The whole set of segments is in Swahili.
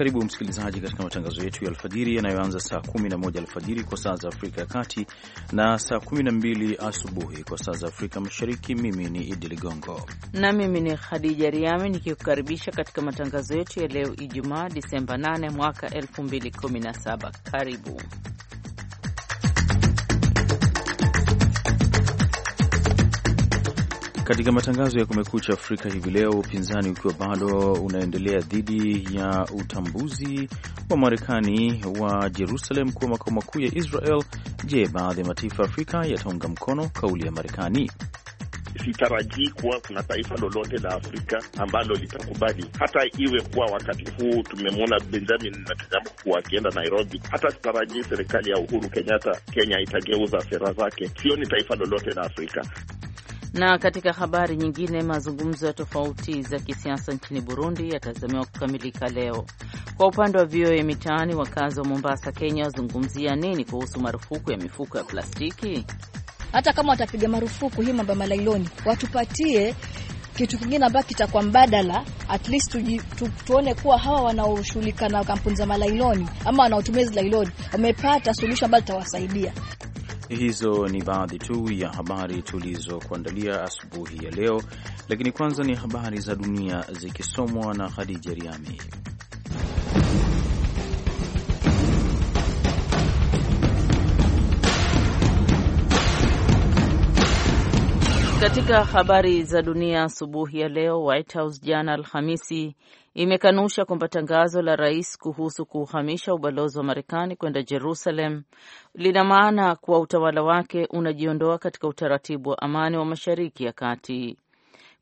Karibu msikilizaji, katika matangazo yetu ya alfajiri yanayoanza saa 11 alfajiri kwa saa za Afrika ya Kati na saa 12 asubuhi kwa saa za Afrika Mashariki. Mimi ni Idi Ligongo na mimi ni Khadija Riami nikikukaribisha katika matangazo yetu ya leo Ijumaa, Disemba 8 mwaka 2017. Karibu Katika matangazo ya Kumekucha Afrika hivi leo, upinzani ukiwa bado unaendelea dhidi ya utambuzi wa Marekani wa Jerusalem kuwa makao makuu ya Israel. Je, baadhi ya mataifa ya Afrika yataunga mkono kauli ya Marekani? Sitarajii kuwa kuna taifa lolote la Afrika ambalo litakubali, hata iwe kuwa wakati huu tumemwona Benjamin Netanyahu akienda Nairobi. Hata sitarajii serikali ya Uhuru Kenyatta Kenya itageuza sera zake. sio ni taifa lolote la Afrika na katika habari nyingine, mazungumzo ya tofauti za kisiasa nchini Burundi yatazamiwa kukamilika leo. Kwa upande wa VOA Mitaani, wakazi wa Mombasa, Kenya wazungumzia nini kuhusu marufuku ya mifuko ya plastiki? Hata kama watapiga marufuku hii mambo ya malailoni, watupatie kitu kingine ambacho kitakuwa mbadala, at least tu, tuone kuwa hawa wanaoshughulika na kampuni za malailoni ama wanaotumia hizi lailoni wamepata suluhisho ambalo litawasaidia. Hizo ni baadhi tu ya habari tulizokuandalia asubuhi ya leo, lakini kwanza ni habari za dunia zikisomwa na Khadija Riami. Katika habari za dunia asubuhi ya leo, White House jana Alhamisi imekanusha kwamba tangazo la rais kuhusu kuuhamisha ubalozi wa Marekani kwenda Jerusalem lina maana kuwa utawala wake unajiondoa katika utaratibu wa amani wa Mashariki ya Kati.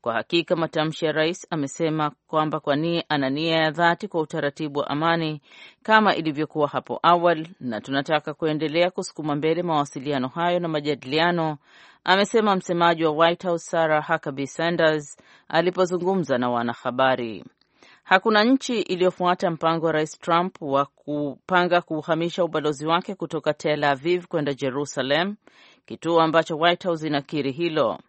Kwa hakika matamshi ya rais amesema kwamba kwa nia ana nia ya dhati kwa utaratibu wa amani kama ilivyokuwa hapo awali, na tunataka kuendelea kusukuma mbele mawasiliano hayo na majadiliano, amesema msemaji wa White House Sarah Huckabee Sanders alipozungumza na wanahabari. Hakuna nchi iliyofuata mpango wa Rais Trump wa kupanga kuhamisha ubalozi wake kutoka Tel Aviv kwenda Jerusalem, kituo ambacho White House inakiri hilo.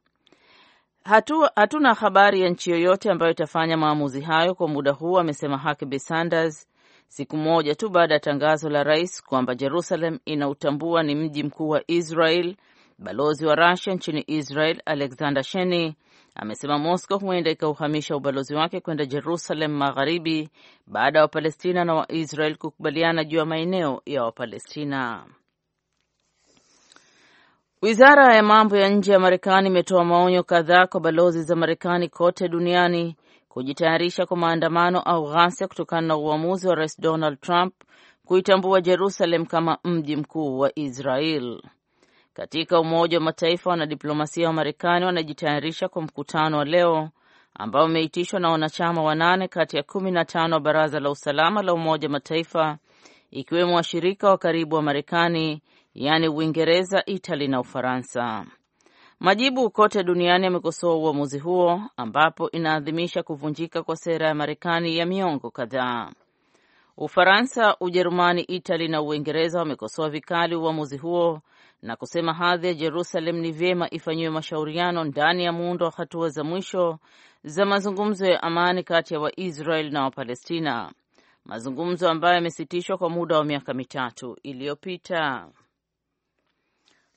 Hatu, hatuna habari ya nchi yoyote ambayo itafanya maamuzi hayo kwa muda huu, amesema Huckabee Sanders siku moja tu baada ya tangazo la rais kwamba Jerusalem inautambua ni mji mkuu wa Israel Balozi wa Rusia nchini Israel Alexander Sheni amesema Moscow huenda ikauhamisha ubalozi wake kwenda Jerusalem Magharibi baada ya Wapalestina na Waisrael kukubaliana juu ya maeneo ya Wapalestina. Wizara ya mambo ya nje ya Marekani imetoa maonyo kadhaa kwa balozi za Marekani kote duniani kujitayarisha kwa maandamano au ghasia kutokana na uamuzi wa Rais Donald Trump kuitambua Jerusalem kama mji mkuu wa Israel. Katika Umoja wa Mataifa, wanadiplomasia wa Marekani wanajitayarisha kwa mkutano wa leo ambao umeitishwa na wanachama wanane kati ya kumi na tano wa Baraza la Usalama la Umoja wa Mataifa, ikiwemo washirika wa karibu wa Marekani, yaani Uingereza, Itali na Ufaransa. Majibu kote duniani yamekosoa uamuzi huo, ambapo inaadhimisha kuvunjika kwa sera ya Marekani ya miongo kadhaa. Ufaransa, Ujerumani, Itali na Uingereza wamekosoa vikali uamuzi huo na kusema hadhi ya Jerusalem ni vyema ifanyiwe mashauriano ndani ya muundo wa hatua za mwisho za mazungumzo ya amani kati ya Waisrael na Wapalestina, mazungumzo ambayo yamesitishwa kwa muda wa miaka mitatu iliyopita.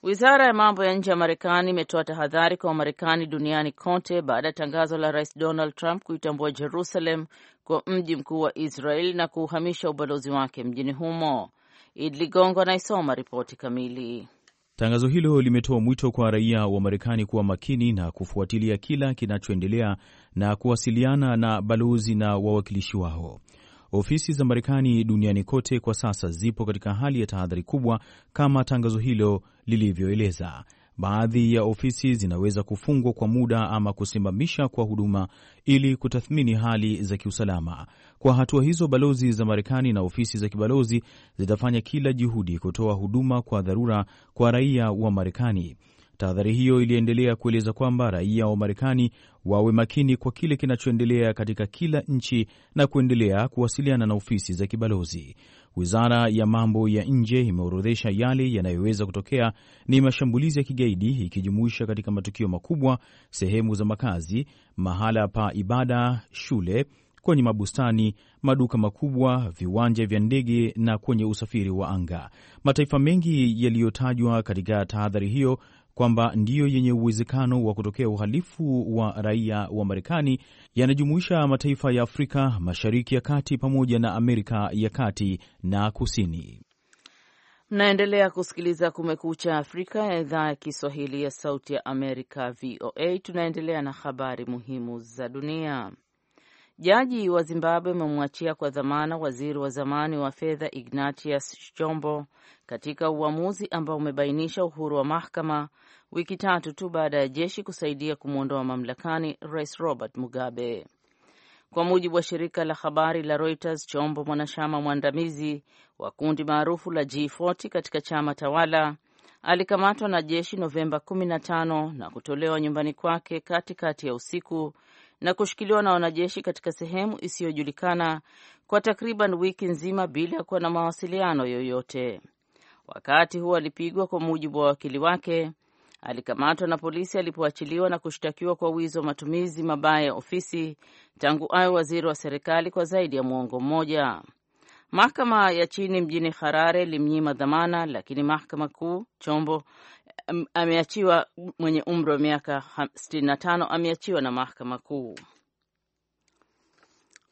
Wizara ya mambo ya nje ya Marekani imetoa tahadhari kwa Wamarekani duniani kote baada ya tangazo la Rais Donald Trump kuitambua Jerusalem kwa mji mkuu wa Israel na kuuhamisha ubalozi wake mjini humo. Idi Ligongo anaisoma ripoti kamili. Tangazo hilo limetoa mwito kwa raia wa Marekani kuwa makini na kufuatilia kila kinachoendelea na kuwasiliana na balozi na wawakilishi wao. Ofisi za Marekani duniani kote kwa sasa zipo katika hali ya tahadhari kubwa kama tangazo hilo lilivyoeleza. Baadhi ya ofisi zinaweza kufungwa kwa muda ama kusimamisha kwa huduma ili kutathmini hali za kiusalama. Kwa hatua hizo, balozi za Marekani na ofisi za kibalozi zitafanya kila juhudi kutoa huduma kwa dharura kwa raia wa Marekani. Tahadhari hiyo iliendelea kueleza kwamba raia wa Marekani wawe makini kwa kile kinachoendelea katika kila nchi na kuendelea kuwasiliana na ofisi za kibalozi. Wizara ya mambo ya nje imeorodhesha yale yanayoweza kutokea ni mashambulizi ya kigaidi, ikijumuisha katika matukio makubwa, sehemu za makazi, mahala pa ibada, shule, kwenye mabustani, maduka makubwa, viwanja vya ndege na kwenye usafiri wa anga. Mataifa mengi yaliyotajwa katika tahadhari hiyo kwamba ndiyo yenye uwezekano wa kutokea uhalifu wa raia wa Marekani yanajumuisha mataifa ya Afrika Mashariki ya Kati pamoja na Amerika ya Kati na Kusini. Mnaendelea kusikiliza Kumekucha Afrika ya idhaa ya Kiswahili ya Sauti ya Amerika, VOA. Tunaendelea na habari muhimu za dunia. Jaji wa Zimbabwe amemwachia kwa dhamana waziri wa zamani wa fedha Ignatius Chombo katika uamuzi ambao umebainisha uhuru wa mahakama wiki tatu tu baada ya jeshi kusaidia kumwondoa mamlakani Rais Robert Mugabe. Kwa mujibu wa shirika la habari la Reuters, Chombo, mwanachama mwandamizi wa kundi maarufu la G40 katika chama tawala, alikamatwa na jeshi Novemba 15 na kutolewa nyumbani kwake katikati ya usiku na kushikiliwa na wanajeshi katika sehemu isiyojulikana kwa takriban wiki nzima bila ya kuwa na mawasiliano yoyote. Wakati huo alipigwa, kwa mujibu wa wakili wake. Alikamatwa na polisi alipoachiliwa na kushtakiwa kwa wizi wa matumizi mabaya ya ofisi tangu awe waziri wa serikali kwa zaidi ya mwongo mmoja. Mahakama ya chini mjini Harare ilimnyima dhamana, lakini mahakama kuu, chombo ameachiwa mwenye umri wa miaka 65 ameachiwa na mahakama kuu.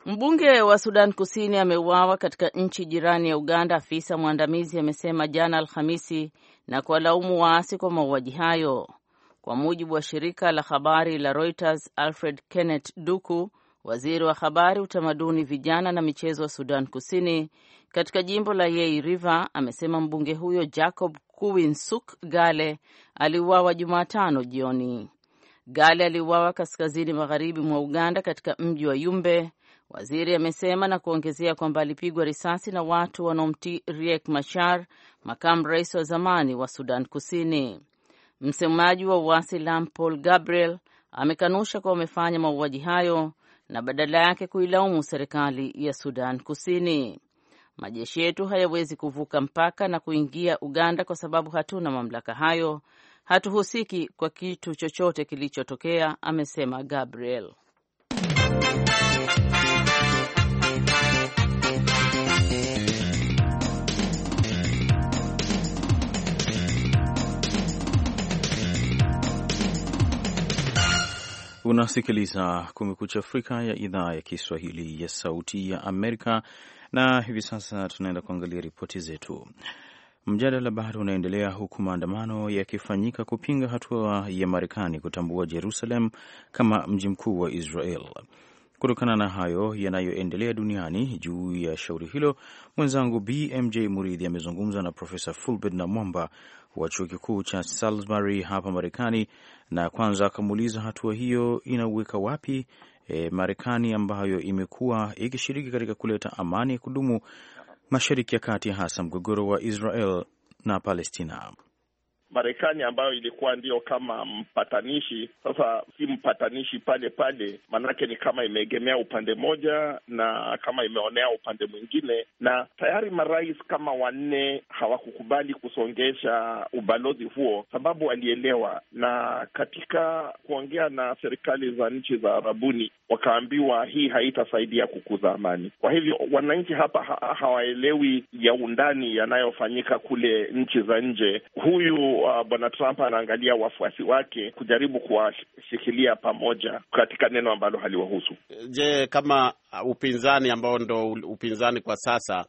Mbunge wa Sudan Kusini ameuawa katika nchi jirani ya Uganda, afisa mwandamizi amesema jana Alhamisi, na kuwalaumu waasi kwa mauaji hayo. Kwa mujibu wa shirika la habari la Reuters, Alfred Kenneth Duku, waziri wa habari, utamaduni, vijana na michezo wa Sudan Kusini katika jimbo la Yei River, amesema mbunge huyo Jacob Kuwinsuk Gale aliuawa Jumatano jioni. Gale aliuawa kaskazini magharibi mwa Uganda katika mji wa Yumbe, waziri amesema na kuongezea kwamba alipigwa risasi na watu wanaomtii Riek Machar, makamu rais wa zamani wa Sudan Kusini. Msemaji wa uasi Paul Gabriel amekanusha kuwa wamefanya mauaji hayo na badala yake kuilaumu serikali ya Sudan Kusini. Majeshi yetu hayawezi kuvuka mpaka na kuingia Uganda kwa sababu hatuna mamlaka hayo. Hatuhusiki kwa kitu chochote kilichotokea, amesema Gabriel. Unasikiliza Kumekucha Afrika ya idhaa ya Kiswahili ya Sauti ya Amerika na hivi sasa tunaenda kuangalia ripoti zetu. Mjadala bado unaendelea huku maandamano yakifanyika kupinga hatua ya Marekani kutambua Jerusalem kama mji mkuu wa Israel. Kutokana na hayo yanayoendelea duniani juu ya shauri hilo, mwenzangu BMJ Muridhi amezungumza na Profesa Fulbert na Mwamba wa chuo kikuu cha Salisbury hapa Marekani, na kwanza akamuuliza hatua hiyo inauweka wapi e, Marekani ambayo imekuwa ikishiriki katika kuleta amani ya kudumu Mashariki ya Kati, hasa mgogoro wa Israel na Palestina. Marekani ambayo ilikuwa ndio kama mpatanishi, sasa si mpatanishi pale pale, maanake ni kama imeegemea upande moja na kama imeonea upande mwingine, na tayari marais kama wanne hawakukubali kusongesha ubalozi huo, sababu walielewa. Na katika kuongea na serikali za nchi za Arabuni wakaambiwa hii haitasaidia kukuza amani. Kwa hivyo wananchi hapa ha hawaelewi ya undani yanayofanyika kule nchi za nje. Huyu uh, bwana Trump anaangalia wafuasi wake kujaribu kuwashikilia pamoja katika neno ambalo haliwahusu. Je, kama upinzani ambao ndo upinzani kwa sasa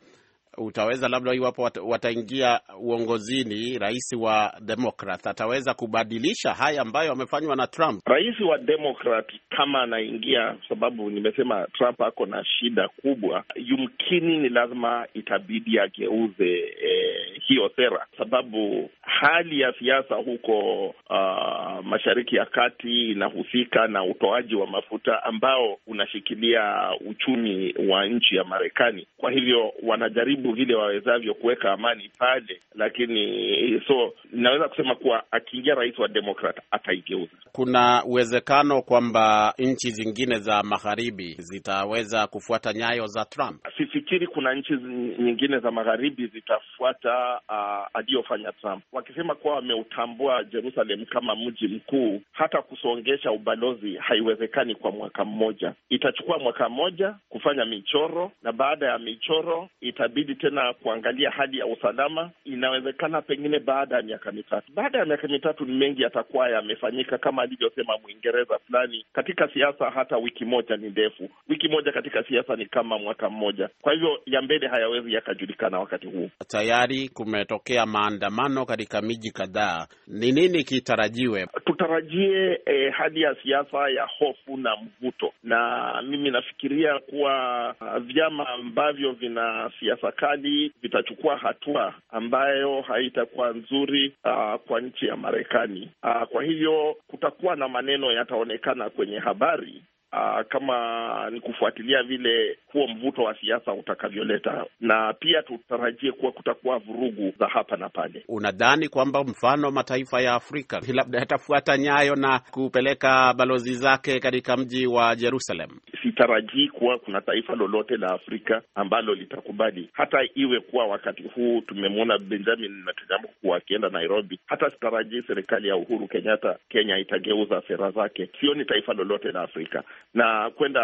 utaweza labda, iwapo wataingia uongozini, rais wa demokrat ataweza kubadilisha haya ambayo amefanywa na Trump. Rais wa demokrat kama anaingia, sababu nimesema Trump ako na shida kubwa, yumkini ni lazima itabidi ageuze eh, hiyo sera, sababu hali ya siasa huko uh, mashariki ya kati inahusika na utoaji wa mafuta ambao unashikilia uchumi wa nchi ya Marekani. Kwa hivyo wanajaribu wanajaribu vile wawezavyo kuweka amani pale, lakini so naweza kusema kuwa akiingia rais wa Demokrat ataigeuza. Kuna uwezekano kwamba nchi zingine za magharibi zitaweza kufuata nyayo za Trump. Sifikiri kuna nchi nyingine za magharibi zitafuata uh, aliyofanya Trump, wakisema kuwa wameutambua Jerusalem kama mji mkuu. Hata kusongesha ubalozi haiwezekani kwa mwaka mmoja, itachukua mwaka mmoja kufanya michoro, na baada ya michoro itabidi kurudi tena kuangalia hali ya usalama. Inawezekana pengine baada ya miaka mitatu, baada ya miaka mitatu ni mengi yatakuwa yamefanyika, kama alivyosema Mwingereza fulani, katika siasa hata wiki moja ni ndefu. Wiki moja katika siasa ni kama mwaka mmoja. Kwa hivyo ya mbele hayawezi yakajulikana wakati huu. Tayari kumetokea maandamano katika miji kadhaa. Ni nini kitarajiwe? Tutarajie eh, hali ya siasa ya hofu na mvuto, na mimi nafikiria kuwa ah, vyama ambavyo vina siasa Marekani vitachukua hatua ambayo haitakuwa nzuri uh, kwa nchi ya Marekani. Uh, kwa hivyo kutakuwa na maneno yataonekana kwenye habari. uh, kama ni kufuatilia vile huo mvuto wa siasa utakavyoleta, na pia tutarajie kuwa kutakuwa vurugu za hapa na pale. Unadhani kwamba mfano mataifa ya Afrika labda yatafuata nyayo na kupeleka balozi zake katika mji wa Jerusalem? sitarajii kuwa kuna taifa lolote la Afrika ambalo litakubali, hata iwe kuwa wakati huu tumemwona Benjamin Netanyahu akienda Nairobi. Hata sitarajii serikali ya Uhuru Kenyatta Kenya itageuza sera zake, sioni taifa lolote la Afrika na kwenda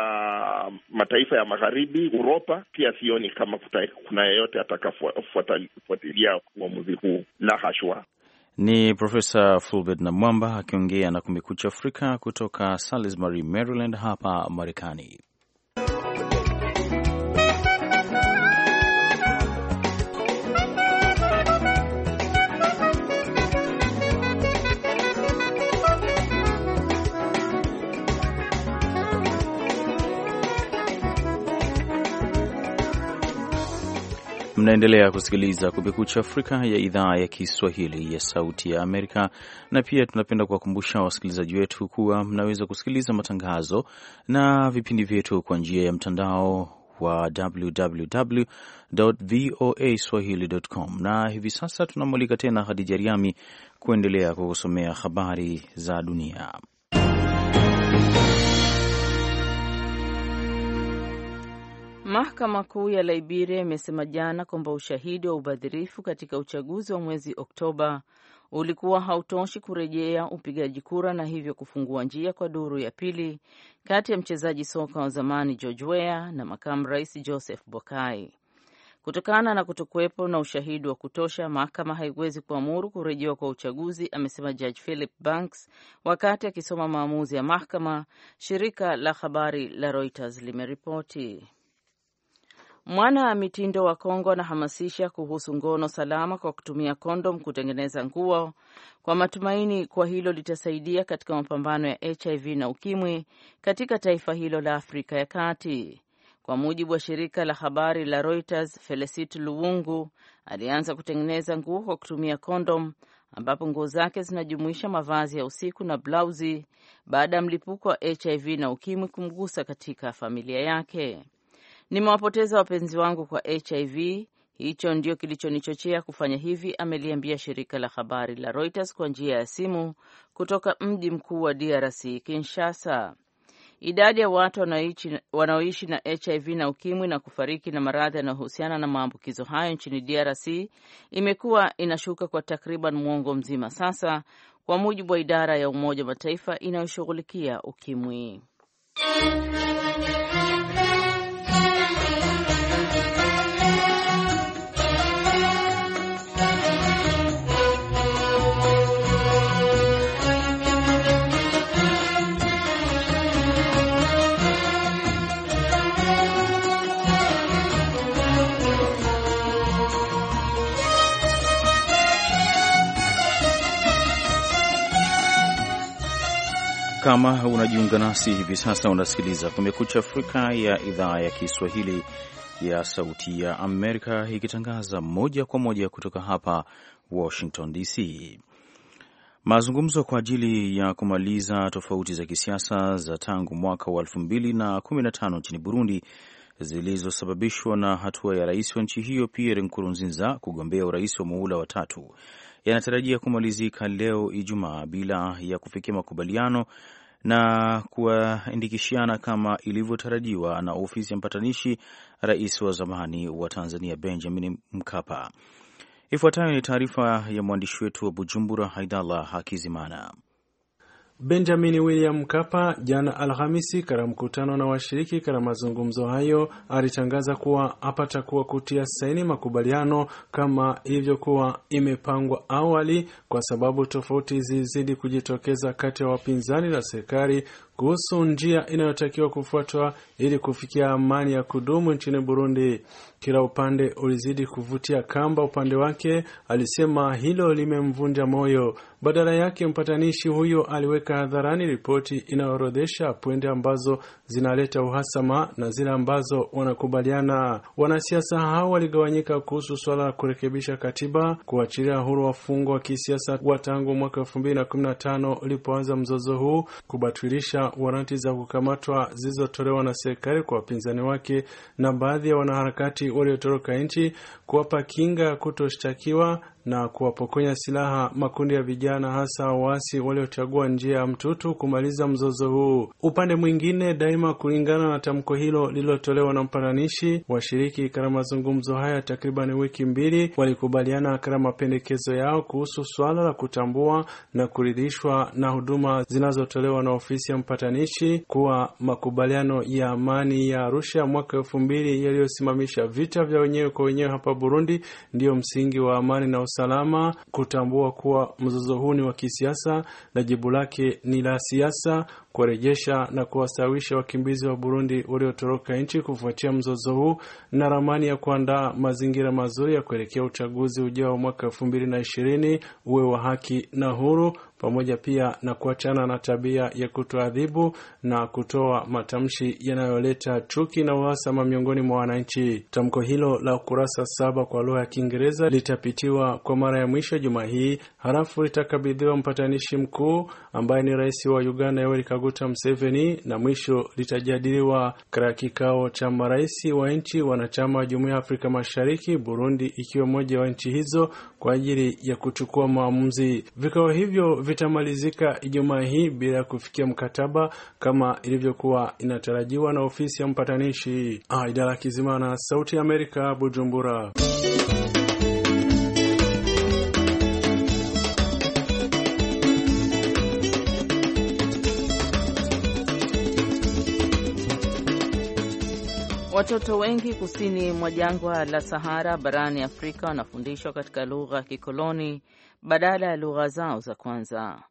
mataifa ya magharibi, Uropa pia sioni kama kuna yeyote atakafuatilia uamuzi huu, la hashwa. Ni Profesa Fulbert Namwamba akiongea na Kumekucha Afrika kutoka Salisbury, Maryland hapa Marekani. Mnaendelea kusikiliza Kumekucha Afrika ya idhaa ya Kiswahili ya Sauti ya Amerika, na pia tunapenda kuwakumbusha wasikilizaji wetu kuwa mnaweza kusikiliza matangazo na vipindi vyetu kwa njia ya mtandao wa www.voaswahili.com. Na hivi sasa tunamwalika tena Hadija Riami kuendelea kukusomea habari za dunia. Mahakama Kuu ya Liberia imesema jana kwamba ushahidi wa ubadhirifu katika uchaguzi wa mwezi Oktoba ulikuwa hautoshi kurejea upigaji kura na hivyo kufungua njia kwa duru ya pili kati ya mchezaji soka wa zamani George Weah na makamu rais Joseph Boakai. Kutokana na kutokuwepo na ushahidi wa kutosha, mahakama haiwezi kuamuru kurejewa kwa uchaguzi, amesema Judge Philip Banks wakati akisoma maamuzi ya mahakama, shirika la habari la Reuters limeripoti. Mwana wa mitindo wa Kongo anahamasisha kuhusu ngono salama kwa kutumia kondom kutengeneza nguo kwa matumaini kuwa hilo litasaidia katika mapambano ya HIV na ukimwi katika taifa hilo la Afrika ya Kati. Kwa mujibu wa shirika la habari la Reuters, Felesit Luwungu alianza kutengeneza nguo kwa kutumia kondom, ambapo nguo zake zinajumuisha mavazi ya usiku na blauzi baada ya mlipuko wa HIV na ukimwi kumgusa katika familia yake. Nimewapoteza wapenzi wangu kwa HIV. Hicho ndio kilichonichochea kufanya hivi, ameliambia shirika la habari la Reuters kwa njia ya simu kutoka mji mkuu wa DRC, Kinshasa. Idadi ya watu wanaoishi na HIV na ukimwi na kufariki na maradhi yanayohusiana na maambukizo hayo nchini DRC imekuwa inashuka kwa takriban mwongo mzima sasa, kwa mujibu wa idara ya Umoja wa Mataifa inayoshughulikia ukimwi. kama unajiunga nasi hivi sasa, unasikiliza Kumekucha Afrika ya idhaa ya Kiswahili ya Sauti ya Amerika, ikitangaza moja kwa moja kutoka hapa Washington DC. Mazungumzo kwa ajili ya kumaliza tofauti za kisiasa za tangu mwaka wa 215 nchini Burundi zilizosababishwa na hatua ya rais wa nchi hiyo Pierre Nkurunziza kugombea urais wa muhula wa tatu yanatarajia kumalizika leo Ijumaa bila ya kufikia makubaliano na kuwaindikishiana kama ilivyotarajiwa na ofisi ya mpatanishi rais wa zamani wa Tanzania Benjamin Mkapa. Ifuatayo ni taarifa ya mwandishi wetu wa Bujumbura, Haidallah Hakizimana. Benjamin William Mkapa jana Alhamisi katika mkutano na washiriki katika mazungumzo hayo alitangaza kuwa hapatakuwa kutia saini makubaliano kama ilivyokuwa imepangwa awali, kwa sababu tofauti zilizidi kujitokeza kati ya wapinzani na serikali kuhusu njia inayotakiwa kufuatwa ili kufikia amani ya kudumu nchini Burundi. Kila upande ulizidi kuvutia kamba upande wake, alisema hilo limemvunja moyo. Badala yake, mpatanishi huyo aliweka hadharani ripoti inayoorodhesha pwende ambazo zinaleta uhasama na zile ambazo wanakubaliana. Wanasiasa hao waligawanyika kuhusu suala la kurekebisha katiba, kuachilia huru wafungwa wa kisiasa wa tangu mwaka elfu mbili na kumi na tano ulipoanza mzozo huu, kubatilisha waranti za kukamatwa zilizotolewa na serikali kwa wapinzani wake na baadhi ya wanaharakati waliotoroka nchi, kuwapa kinga kutoshtakiwa na kuwapokonya silaha makundi ya vijana, hasa waasi waliochagua njia ya mtutu kumaliza mzozo huu. Upande mwingine, daima, kulingana na tamko hilo lililotolewa na mpatanishi, washiriki katika mazungumzo haya takriban wiki mbili walikubaliana katika mapendekezo yao kuhusu swala la kutambua na kuridhishwa na huduma zinazotolewa na ofisi ya mpatanishi kuwa makubaliano ya amani ya Arusha mwaka elfu mbili yaliyosimamisha vita vya wenyewe kwa wenyewe hapa Burundi ndiyo msingi wa amani na usalama kutambua kuwa mzozo huu ni wa kisiasa na jibu lake ni la siasa, kuwarejesha na kuwasawisha wakimbizi wa Burundi waliotoroka nchi kufuatia mzozo huu, na ramani ya kuandaa mazingira mazuri ya kuelekea uchaguzi ujao mwaka elfu mbili na ishirini uwe wa haki na huru pamoja pia na kuachana na tabia ya kutoadhibu na kutoa matamshi yanayoleta chuki na uhasama miongoni mwa wananchi. Tamko hilo la kurasa saba kwa lugha ya Kiingereza litapitiwa kwa mara ya mwisho juma hii, halafu litakabidhiwa mpatanishi mkuu ambaye ni rais wa Uganda Yoweri Kaguta Museveni, na mwisho litajadiliwa katika kikao cha marais wa nchi wanachama wa Jumuiya ya Afrika Mashariki, Burundi ikiwa mmoja wa nchi hizo, kwa ajili ya kuchukua maamuzi. Vikao hivyo vitamalizika Ijumaa hii bila kufikia mkataba kama ilivyokuwa inatarajiwa na ofisi ya mpatanishi. Aidala ah, Kizimana, Sauti ya Amerika, Bujumbura. Watoto wengi kusini mwa jangwa la Sahara barani Afrika wanafundishwa katika lugha ya kikoloni badala ya lugha zao za kwanza.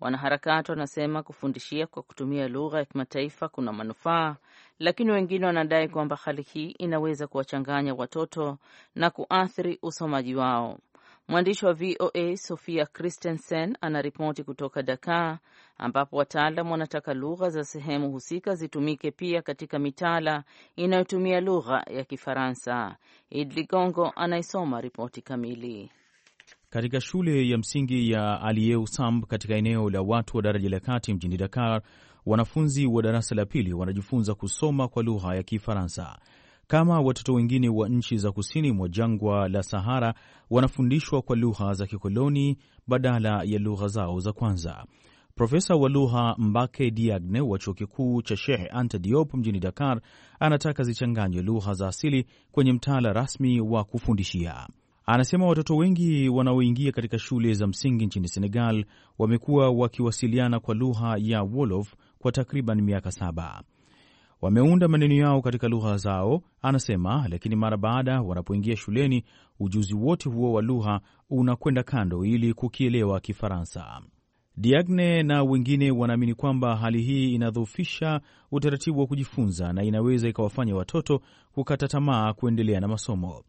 Wanaharakati wanasema kufundishia kwa kutumia lugha ya kimataifa kuna manufaa, lakini wengine wanadai kwamba hali hii inaweza kuwachanganya watoto na kuathiri usomaji wao. Mwandishi wa VOA Sofia Christensen anaripoti kutoka Dakar ambapo wataalam wanataka lugha za sehemu husika zitumike pia katika mitaala inayotumia lugha ya Kifaransa. Id Ligongo anaisoma ripoti kamili. Katika shule ya msingi ya Alieu Samb katika eneo la watu wa daraja la kati mjini Dakar, wanafunzi wa darasa la pili wanajifunza kusoma kwa lugha ya Kifaransa. Kama watoto wengine wa nchi za kusini mwa jangwa la Sahara, wanafundishwa kwa lugha za kikoloni badala ya lugha zao za kwanza. Profesa wa lugha Mbake Diagne wa chuo kikuu cha Shehe Anta Diop mjini Dakar anataka zichanganywe lugha za asili kwenye mtaala rasmi wa kufundishia. Anasema watoto wengi wanaoingia katika shule za msingi nchini Senegal wamekuwa wakiwasiliana kwa lugha ya Wolof kwa takriban miaka saba. Wameunda maneno yao katika lugha zao, anasema, lakini mara baada wanapoingia shuleni ujuzi wote huo wa lugha unakwenda kando ili kukielewa Kifaransa. Diagne na wengine wanaamini kwamba hali hii inadhoofisha utaratibu wa kujifunza na inaweza ikawafanya watoto kukata tamaa kuendelea na masomo.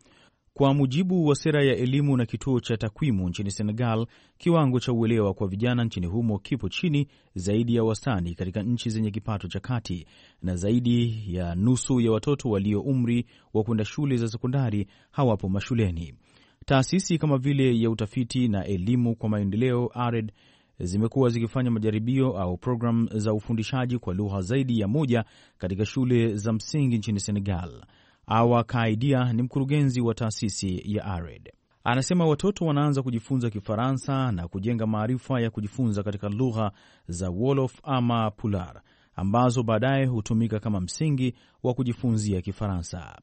Kwa mujibu wa sera ya elimu na kituo cha takwimu nchini Senegal, kiwango cha uelewa kwa vijana nchini humo kipo chini zaidi ya wastani katika nchi zenye kipato cha kati, na zaidi ya nusu ya watoto walio umri wa kwenda shule za sekondari hawapo mashuleni. Taasisi kama vile ya utafiti na elimu kwa maendeleo ARED zimekuwa zikifanya majaribio au programu za ufundishaji kwa lugha zaidi ya moja katika shule za msingi nchini Senegal. Awa Kaidia ni mkurugenzi wa taasisi ya ARED. Anasema watoto wanaanza kujifunza Kifaransa na kujenga maarifa ya kujifunza katika lugha za Wolof ama Pular ambazo baadaye hutumika kama msingi wa kujifunzia Kifaransa.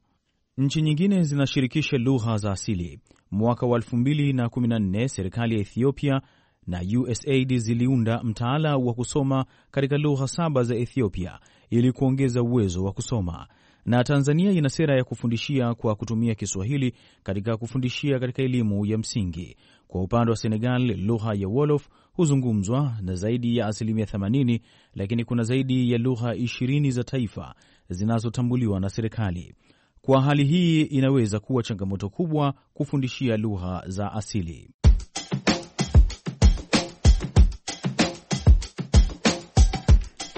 Nchi nyingine zinashirikisha lugha za asili. Mwaka wa 2014 serikali ya Ethiopia na USAID ziliunda mtaala wa kusoma katika lugha saba za Ethiopia ili kuongeza uwezo wa kusoma. Na Tanzania ina sera ya kufundishia kwa kutumia Kiswahili katika kufundishia katika elimu ya msingi. Kwa upande wa Senegal, lugha ya Wolof huzungumzwa na zaidi ya asilimia 80, lakini kuna zaidi ya lugha 20 za taifa zinazotambuliwa na serikali. Kwa hali hii, inaweza kuwa changamoto kubwa kufundishia lugha za asili.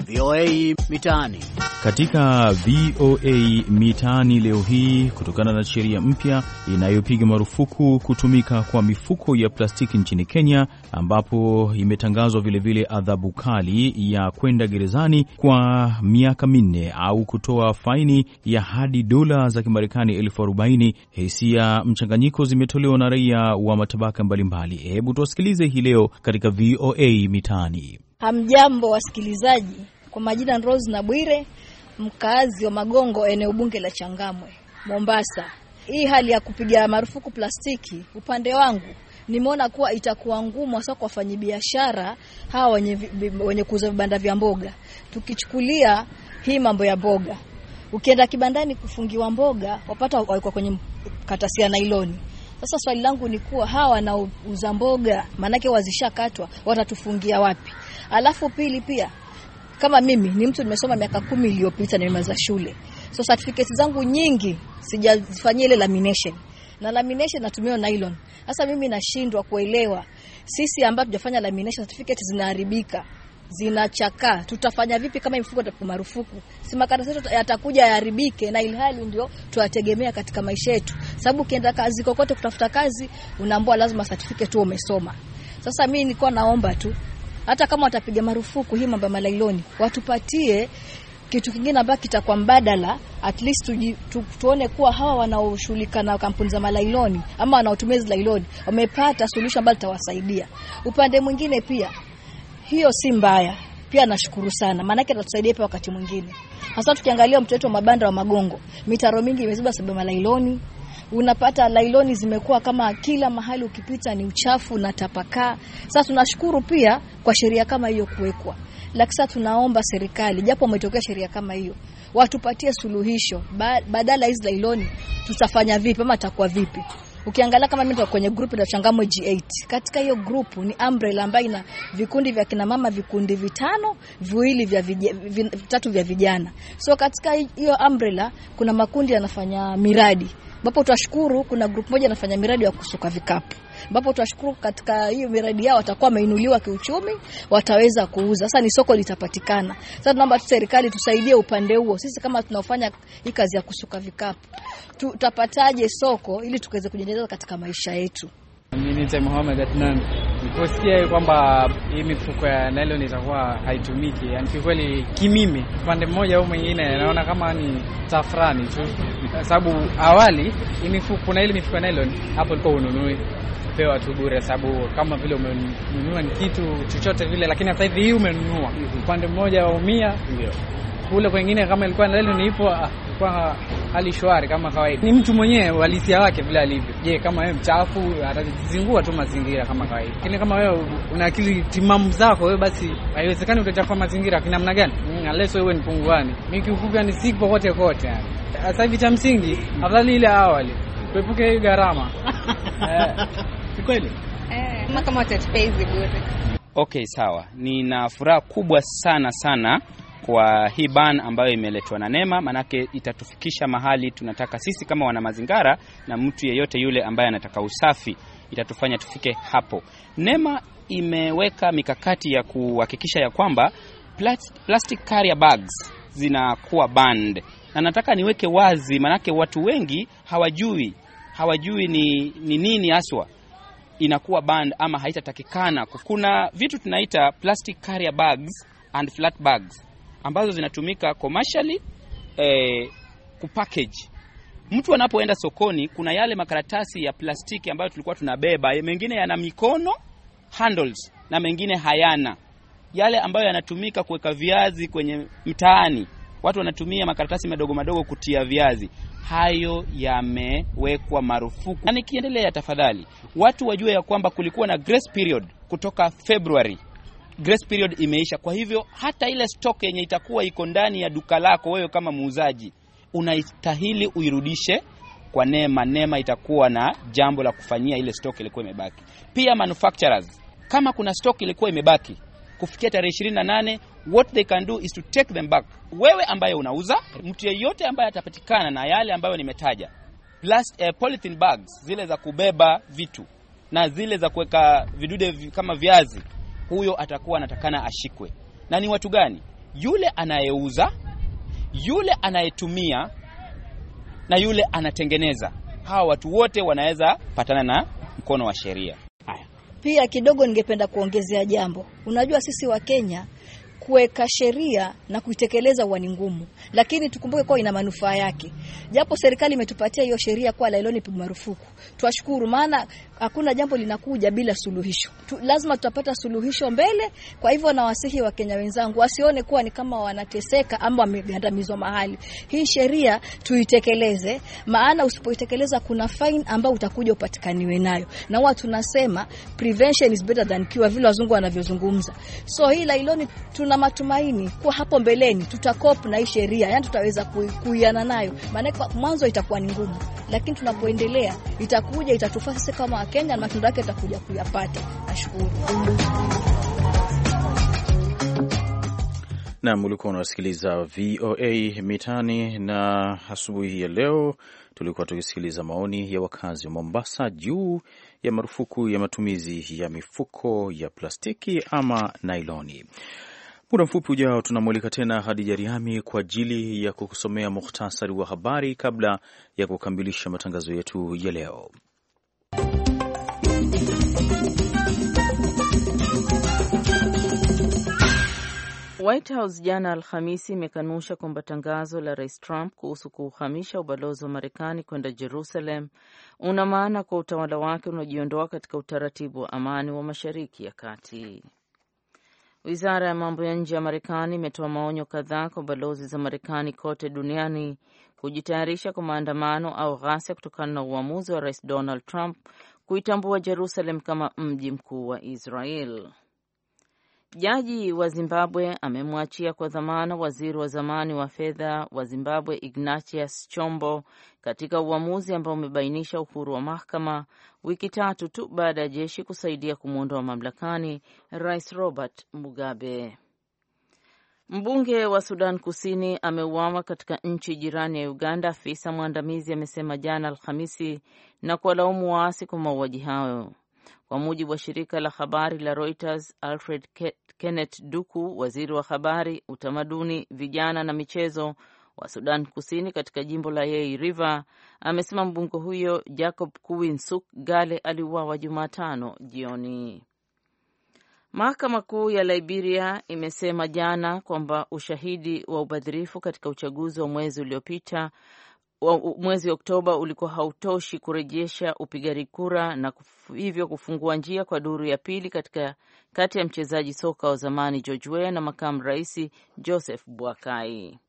VOA Mitaani. Katika VOA Mitaani leo hii, kutokana na sheria mpya inayopiga marufuku kutumika kwa mifuko ya plastiki nchini Kenya, ambapo imetangazwa vilevile adhabu kali ya kwenda gerezani kwa miaka minne au kutoa faini ya hadi dola za Kimarekani elfu arobaini, hisia mchanganyiko zimetolewa na raia wa matabaka mbalimbali. Hebu tuwasikilize hii leo katika VOA Mitaani. Hamjambo wasikilizaji kwa majina Rose na Bwire, mkazi wa Magongo, eneo bunge la Changamwe, Mombasa. Hii hali ya kupiga marufuku plastiki, upande wangu nimeona kuwa itakuwa ngumu hasa kwa wafanyabiashara hawa wenye, wenye kuuza vibanda vya mboga. Tukichukulia hii mambo ya mboga, ukienda kibandani kufungiwa mboga wapata wako kwenye karatasi ya nailoni. Sasa swali langu ni kuwa hawa wanaouza mboga, maanake wazishakatwa, watatufungia wapi? Alafu pili pia kama mimi ni mtu nimesoma miaka kumi iliyopita, nimemaliza shule, so certificates zangu nyingi sijazifanyia ile lamination na lamination natumia nylon. Sasa mimi nashindwa kuelewa, sisi ambao tujafanya lamination certificate zinaharibika zinachakaa tutafanya vipi? Kama mifuko itapigwa marufuku, si makaratasi yetu yatakuja yaharibike, na ilhali ndio tuwategemea katika maisha yetu, sababu ukienda kazi kokote kutafuta kazi unaambiwa lazima certificate tu umesoma. Sasa mimi nilikuwa naomba tu hata kama watapiga marufuku hii mambo ya malailoni, watupatie kitu kingine ambacho kitakuwa mbadala, at least tuji, tu, tuone kuwa hawa wanaoshughulika na kampuni za malailoni ama wanaotumia hizi lailoni wamepata suluhisho ambalo litawasaidia. Upande mwingine pia hiyo si mbaya pia, nashukuru sana, maanake atatusaidia pia wakati mwingine, hasa tukiangalia mtoto wa mabanda wa Magongo, mitaro mingi imeziba sababu malailoni unapata lailoni zimekuwa kama kila mahali, ukipita ni uchafu na tapakaa. Sasa tunashukuru pia kwa sheria kama hiyo kuwekwa, lakini sasa tunaomba serikali, japo umetokea sheria kama hiyo, watupatie suluhisho badala hizi lailoni tutafanya vipi ama takuwa vipi? Ukiangalia kama mimi kwenye group ya Changamwe G8, katika hiyo group ni umbrella ambayo ina vikundi vya kina mama vikundi vitano, viwili vya vitatu vya vijana. So katika hiyo umbrella kuna makundi yanafanya miradi ambapo tunashukuru kuna group moja nafanya miradi ya kusuka vikapu ambapo tunashukuru katika hiyo miradi yao watakuwa wameinuliwa kiuchumi, wataweza kuuza. Sasa ni soko litapatikana. Sasa tunaomba tu serikali tusaidie upande huo. Sisi kama tunaofanya hii kazi ya kusuka vikapu, tutapataje soko ili tukaweze kujiendeleza katika maisha yetu? Mimi ni Mohamed Adnan. Niliposikia kwamba hii mifuko ya nylon itakuwa haitumiki, yani kiukweli, kimimi upande mmoja au mwingine, naona kama ni tafrani tu, sababu awali kuna ile mifuko ya nylon hapo ilikuwa ununui pewa tu bure, sababu kama vile umenunua ni kitu chochote vile, lakini sasa hivi hii umenunua, mhm. upande mmoja waumia, ndio kule kwengine, kama ilikuwa nylon ipo ah, hali shwari kama kawaida. Ni mtu mwenyewe uhalisia wake vile alivyo. Je, kama wewe mchafu atazingua tu mazingira kama kawaida, lakini kama wewe una akili timamu zako wewe, basi haiwezekani utachafua mazingira kwa namna gani? Mm, unless wewe ni punguani. Mimi kiufupi ni sipo kote kote, yani sasa hivi cha msingi afadhali ile awali tuepuke hii gharama eh, kweli. Eh, kama watatupei bure. Okay, sawa. Nina furaha kubwa sana sana kwa hii ban ambayo imeletwa na NEMA, manake itatufikisha mahali tunataka sisi kama wanamazingara na mtu yeyote yule ambaye anataka usafi, itatufanya tufike hapo. NEMA imeweka mikakati ya kuhakikisha ya kwamba plastic carrier bags zinakuwa banned, na nataka niweke wazi, manake watu wengi hawajui hawajui ni, ni nini haswa inakuwa banned ama haitatakikana. Kuna vitu tunaita plastic carrier bags and flat bags ambazo zinatumika commercially eh, kupackage. Mtu anapoenda sokoni, kuna yale makaratasi ya plastiki ambayo tulikuwa tunabeba, eh, mengine yana mikono handles na mengine hayana, yale ambayo yanatumika kuweka viazi kwenye mtaani, watu wanatumia makaratasi madogo madogo kutia viazi hayo yamewekwa marufuku. Na nikiendelea, tafadhali watu wajue ya kwamba kulikuwa na grace period kutoka Februari grace period imeisha. Kwa hivyo hata ile stock yenye itakuwa iko ndani ya duka lako wewe kama muuzaji unastahili uirudishe kwa neema. Neema itakuwa na jambo la kufanyia ile stock ilikuwa imebaki. Pia manufacturers, kama kuna stock ilikuwa imebaki kufikia tarehe 28, what they can do is to take them back. Wewe ambaye unauza, mtu yeyote ambaye atapatikana na yale ambayo nimetaja, plus uh, polythene bags zile za kubeba vitu na zile za kuweka vidude kama viazi huyo atakuwa anatakana ashikwe. Na ni watu gani? Yule anayeuza, yule anayetumia na yule anatengeneza. Hawa watu wote wanaweza patana na mkono wa sheria. Haya, pia kidogo ningependa kuongezea jambo. Unajua sisi wa Kenya kuweka sheria na kuitekeleza huwa ni ngumu, lakini tukumbuke kuwa ina manufaa yake. Japo serikali imetupatia hiyo sheria kwa lailoni pigwa marufuku, twashukuru, maana hakuna jambo linakuja bila suluhisho tu, lazima tutapata suluhisho mbele. Kwa hivyo nawasihi Wakenya wenzangu wasione kuwa ni kama wanateseka ama wamegandamizwa mahali. Hii sheria tuitekeleze, maana usipoitekeleza kuna fine ambayo utakuja upatikaniwe nayo, na huwa tunasema prevention is better than cure, vile wazungu wanavyozungumza. So hii lailoni tuna tuna matumaini kuwa hapo mbeleni tutakop na hii sheria, yani tutaweza kuiana nayo, maanake mwanzo itakuwa ni ngumu, lakini tunapoendelea itakuja itatufaa sisi kama Wakenya na matunda yake itakuja kuyapata. Nashukuru. Nam, ulikuwa unasikiliza VOA Mitani na asubuhi ya leo tulikuwa tukisikiliza maoni ya wakazi wa Mombasa juu ya marufuku ya matumizi ya mifuko ya plastiki ama nailoni. Muda mfupi ujao tunamwalika tena Hadija Riami kwa ajili ya kukusomea muhtasari wa habari kabla ya kukamilisha matangazo yetu ya leo. White House jana Alhamisi imekanusha kwamba tangazo la Rais Trump kuhusu kuuhamisha ubalozi wa Marekani kwenda Jerusalem una maana kwa utawala wake unajiondoa katika utaratibu wa amani wa Mashariki ya Kati. Wizara ya mambo ya nje ya Marekani imetoa maonyo kadhaa kwa balozi za Marekani kote duniani kujitayarisha kwa maandamano au ghasia kutokana na uamuzi wa Rais Donald Trump kuitambua Jerusalem kama mji mkuu wa Israel. Jaji wa Zimbabwe amemwachia kwa dhamana waziri wa zamani wa fedha wa Zimbabwe Ignatius Chombo katika uamuzi ambao umebainisha uhuru wa mahakama wiki tatu tu baada ya jeshi kusaidia kumwondoa mamlakani Rais Robert Mugabe. Mbunge wa Sudan Kusini ameuawa katika nchi jirani ya Uganda, afisa mwandamizi amesema jana Alhamisi, na kuwalaumu waasi kwa mauaji hayo. Kwa mujibu wa shirika la habari la Reuters, Alfred Kenneth Duku, waziri wa habari, utamaduni, vijana na michezo wa Sudan Kusini katika jimbo la Yei River amesema mbunge huyo Jacob Kuinsuk Gale aliuawa Jumatano jioni. Mahakama Kuu ya Liberia imesema jana kwamba ushahidi wa ubadhirifu katika uchaguzi wa mwezi uliopita mwezi Oktoba ulikuwa hautoshi kurejesha upigaji kura na kufu, hivyo kufungua njia kwa duru ya pili katika kati ya mchezaji soka wa zamani George Weah na makamu rais Joseph Boakai.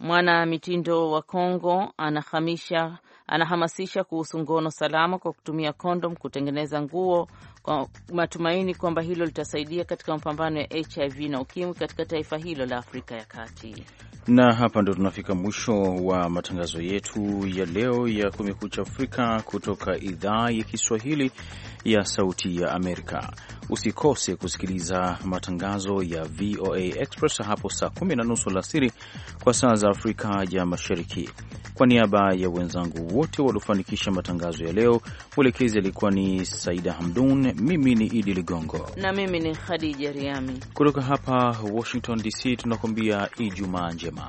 Mwana mitindo wa Kongo anahamisha anahamasisha kuhusu ngono salama kwa kutumia kondom kutengeneza nguo kwa matumaini kwamba hilo litasaidia katika mapambano ya HIV na ukimwi katika taifa hilo la Afrika ya Kati. Na hapa ndo tunafika mwisho wa matangazo yetu ya leo ya Kumekucha Afrika kutoka idhaa ya Kiswahili ya Sauti ya Amerika. Usikose kusikiliza matangazo ya VOA Express hapo saa kumi na nusu alasiri kwa saa za za Afrika ya Mashariki. Kwa niaba ya wenzangu wote waliofanikisha matangazo ya leo, mwelekezi alikuwa ni Saida Hamdun, mimi ni Idi Ligongo na mimi ni Khadija Riami kutoka hapa Washington DC, tunakuambia Ijumaa njema.